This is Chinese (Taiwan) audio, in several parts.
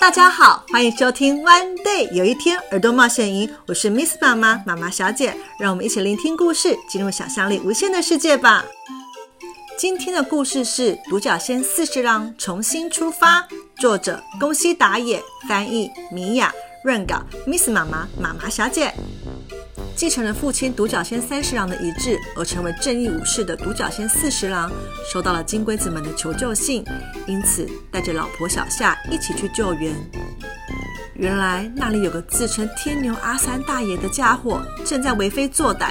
大家好，歡迎收聽《One Day》有一天耳朵冒險營，我是 Miss 媽媽媽媽小姐，讓我們一起聆聽故事，進入想象力無限的世界吧。今天的故事是《獨角仙四十郎重新出發》，作者宮西達也，翻譯米婭，潤稿 Miss 媽媽媽媽小姐。繼承了父親獨角仙三十郎的遺志，而成為正義武士的獨角仙四十郎，收到了金龜子們的求救信，因此帶着老婆小夏一起去救援。原來那裡有個自稱天牛阿三大爺的家伙，正在為非作歹。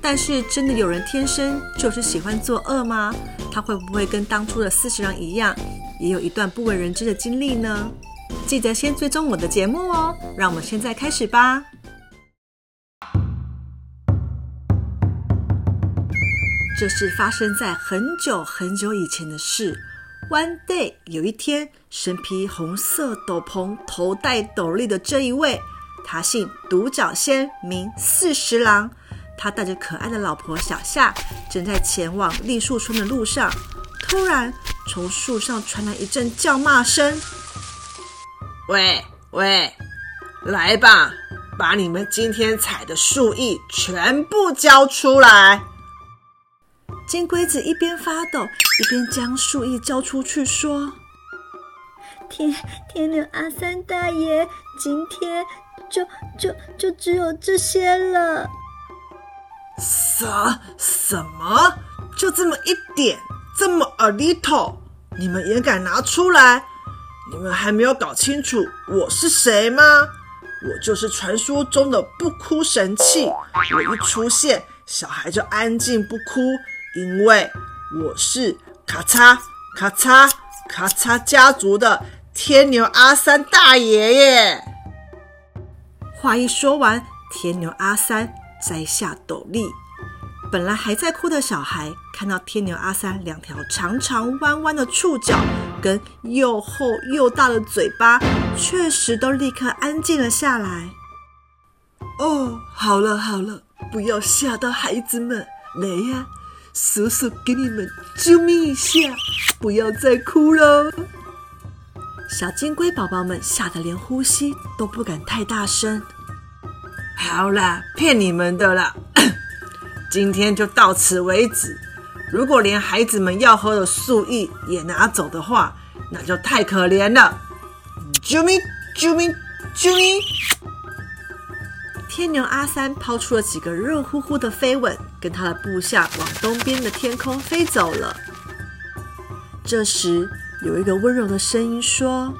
但是真的有人天生，就是喜歡作惡嗎？他會不會跟當初的四十郎一樣，也有一段不為人知的經歷呢？記得先追蹤我的節目哦，讓我們現在開始吧。這是發生在很久很久以前的事。One day，有一天，身披紅色斗篷、頭戴斗笠的這一位，他姓獨角仙，名四十郎。他帶着可愛的老婆小夏，正在前往栗樹村的路上。突然，從樹上傳來一陣叫罵聲：“喂喂，來吧，把你們今天採的樹葉全部交出來！”金龜子一邊發抖，一邊將樹葉交出去，說：“天，天牛阿三大爺，今天就就就只有這些了。”“什什麼？就這麼一點？這麼 a little？你們也敢拿出來？你們還沒有搞清楚我是誰嗎？我就是傳說中的不哭神器，我一出現，小孩就安靜不哭。”因為我是咔嚓咔嚓咔嚓家族的天牛阿三大爺爺。話一說完，天牛阿三摘下斗笠。本來還在哭的小孩，看到天牛阿三兩條長長彎彎的觸角跟又厚又大的嘴巴，確實都立刻安靜了下來。哦，好了好了，不要嚇到孩子們，來呀、啊！叔叔給你們啾咪一下，不要再哭了！小金龜寶寶們嚇得連呼吸都不敢太大聲。好啦，騙你們的啦！ 今天就到此為止。如果連孩子們要喝的樹液也拿走的話，那就太可憐了！啾咪啾咪啾咪。啾咪天牛阿三拋出了幾個熱乎乎的飛吻，跟他的部下往東邊的天空飛走了。這時，有一個溫柔的聲音說：“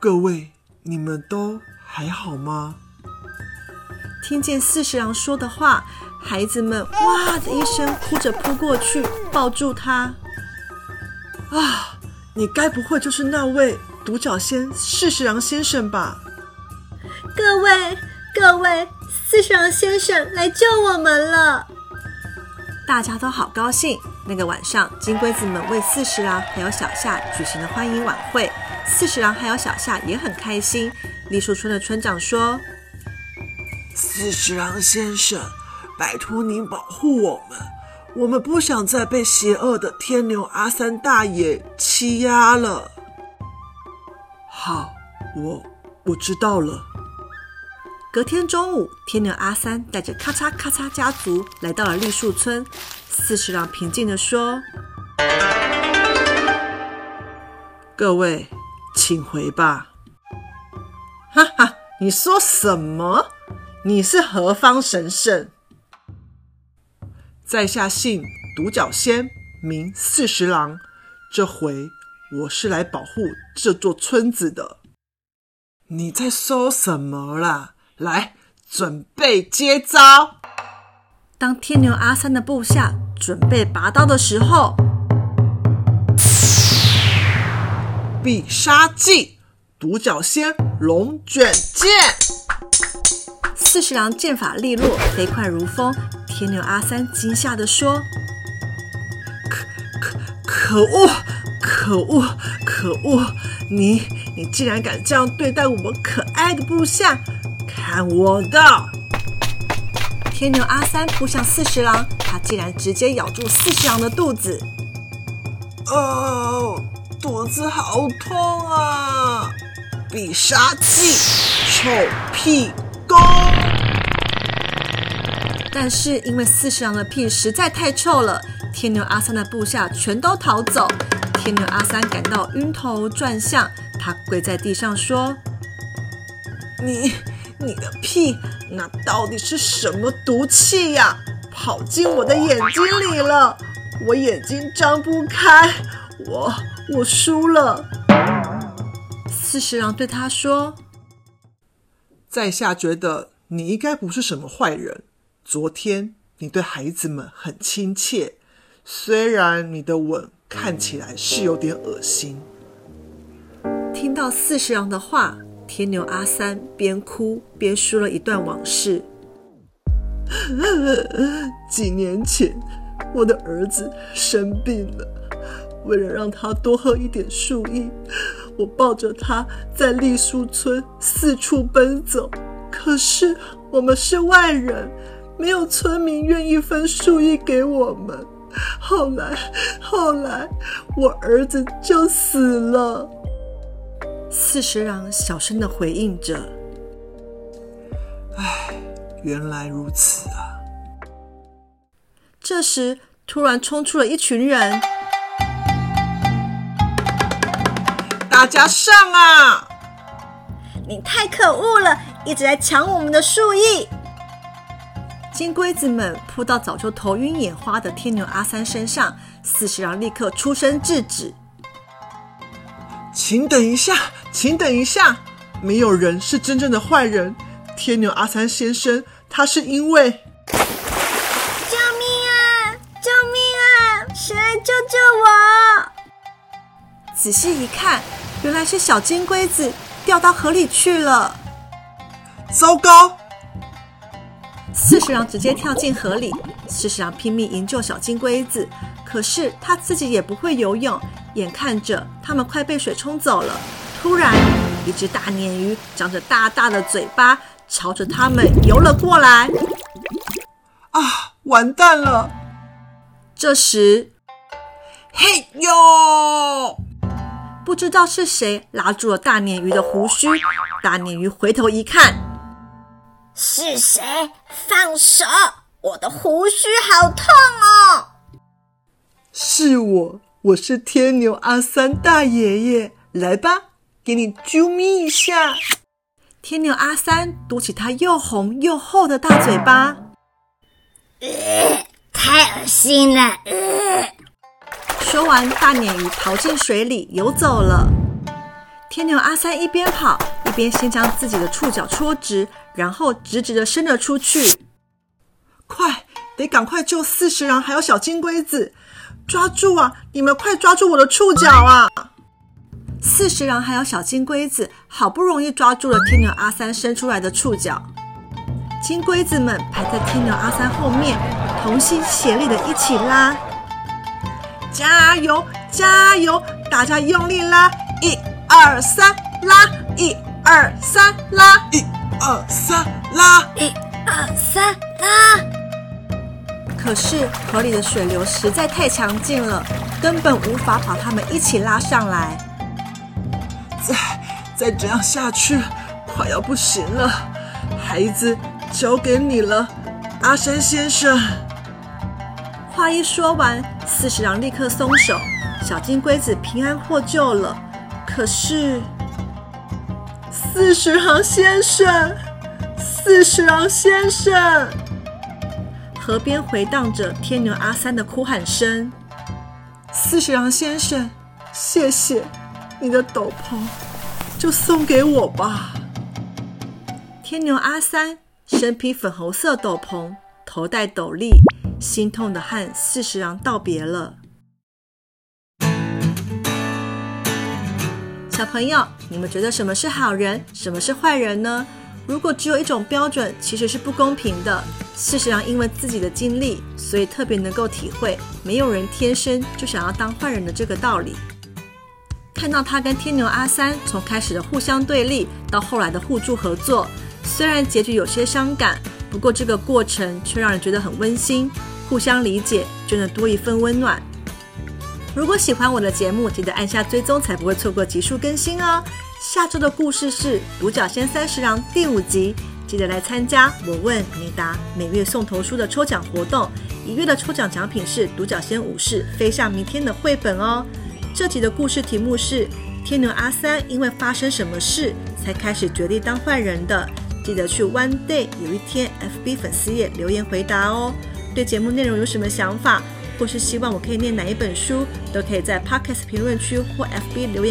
各位，你們都還好嗎？”聽見四十郎說的話，孩子們哇的一聲哭着撲過去抱住他。啊，你該不會就是那位？獨角仙，四十郎先生吧！各位，各位，四十郎先生來救我們了！大家都好高興。那個晚上，金龜子們為四十郎還有小夏舉行了歡迎晚會。四十郎還有小夏也很開心。栗樹村的村長說：“四十郎先生，拜托您保護我們，我們不想再被邪惡的天牛阿三大爺欺壓了。”好，我我知道了。隔天中午，天牛阿三帶着咔嚓咔嚓家族來到了綠樹村。四十郎平靜地說：“各位，請回吧。”哈哈，你說什麼？你是何方神聖？在下姓獨角仙，名四十郎，這回。我是來保護這座村子的。你在說什麼啦？來，準備接招！當天牛阿三的部下準備拔刀的時候，必殺技——獨角仙龍捲劍。四十郎劍法利落，飛快如風。天牛阿三驚嚇地說：“可可可惡！”可惡，可惡！你，你竟然敢這樣對待我們可愛的部下！看我的！天牛阿三撲向四十郎，他竟然直接咬住四十郎的肚子。哦，肚子好痛啊！必殺技，臭屁功。但是因為四十郎的屁實在太臭了，天牛阿三的部下全都逃走。天牛阿三感到暈頭轉向，他跪在地上說：“你，你的屁，那到底是什麼毒氣呀？跑進我的眼睛裡了，我眼睛睜不開，我，我輸了。”四十郎對他說：“在下覺得你應該不是什麼壞人，昨天你對孩子們很親切，雖然你的吻。”看起來是有點噁心。聽到四十郎的話，天牛阿三邊哭邊說了一段往事。幾年前，我的兒子生病了，為了讓他多喝一點樹液，我抱着他在栗樹村四處奔走。可是我們是外人，沒有村民願意分樹液給我們。後來，後來，我兒子就死了。四十郎小聲地回應着：“唉，原來如此啊！”這時，突然衝出了一群人：“大家上啊！你太可惡了，一直在搶我們的樹葉！”金龜子們撲到早就頭暈眼花的天牛阿三身上，四十郎立刻出聲制止。請等一下，請等一下，沒有人是真正的壞人，天牛阿三先生，他是因為……救命啊！救命啊！誰來救救我？仔細一看，原來是小金龜子掉到河裡去了。糟糕！四十郎直接跳進河裡，四十郎拼命營救小金龜子，可是他自己也不會游泳，眼看着他們快被水沖走了。突然，一隻大鯰魚長着大大的嘴巴，朝着他們游了過來。啊，完蛋了！這時，嘿呦，不知道是誰拉住了大鯰魚的鬍鬚，大鯰魚回頭一看。是誰？放手！我的鬍鬚好痛哦！是我，我是天牛阿三大爺爺，來吧，給你啾咪一下。天牛阿三嘟起他又紅又厚的大嘴巴，呃、太噁心了！呃、說完，大鯰魚逃進水裡游走了。天牛阿三一邊跑。一邊先將自己的觸角戳直，然後直直的伸了出去。快，得趕快救四十郎還有小金龜子！抓住啊！你們快抓住我的觸角啊！四十郎還有小金龜子好不容易抓住了天牛阿三伸出來的觸角。金龜子們排在天牛阿三後面，同心協力的一起拉。加油，加油！大家用力拉！一、二、三，拉一。二三拉，一二三拉，一二三拉。可是河裡的水流實在太強勁了，根本無法把他們一起拉上來。再再這樣下去，快要不行了。孩子交給你了，阿山先生。話一說完，四十郎立刻鬆手，小金龜子平安獲救了。可是。四十郎先生，四十郎先生，河邊回盪着天牛阿三的哭喊聲。四十郎先生，謝謝你的斗篷，就送給我吧。天牛阿三身披粉紅色斗篷，頭戴斗笠，心痛的和四十郎道別了。小朋友，你們覺得什麼是好人，什麼是壞人呢？如果只有一種標準，其實是不公平的。事實上，因為自己的經歷，所以特別能夠體會，沒有人天生就想要當壞人的這個道理。看到他跟天牛阿三從開始的互相對立，到後來的互助合作，雖然結局有些傷感，不過這個過程卻讓人覺得很溫馨。互相理解，就能多一份溫暖。如果喜歡我的節目，記得按下追蹤，才不會錯過集數更新哦。下周的故事是《獨角仙三十郎》第五集，記得來參加我問你答每月送圖書的抽獎活動。一月的抽獎獎品是《獨角仙武士飛向明天》的繪本哦。這集的故事題目是《天牛阿三》，因為發生什麼事才開始決定當壞人的？記得去 One Day 有一天 FB 粉絲頁留言回答哦。對節目內容有什麼想法？或是希望我可以念哪一本書，都可以在 Podcast 評論區或 FB 留言。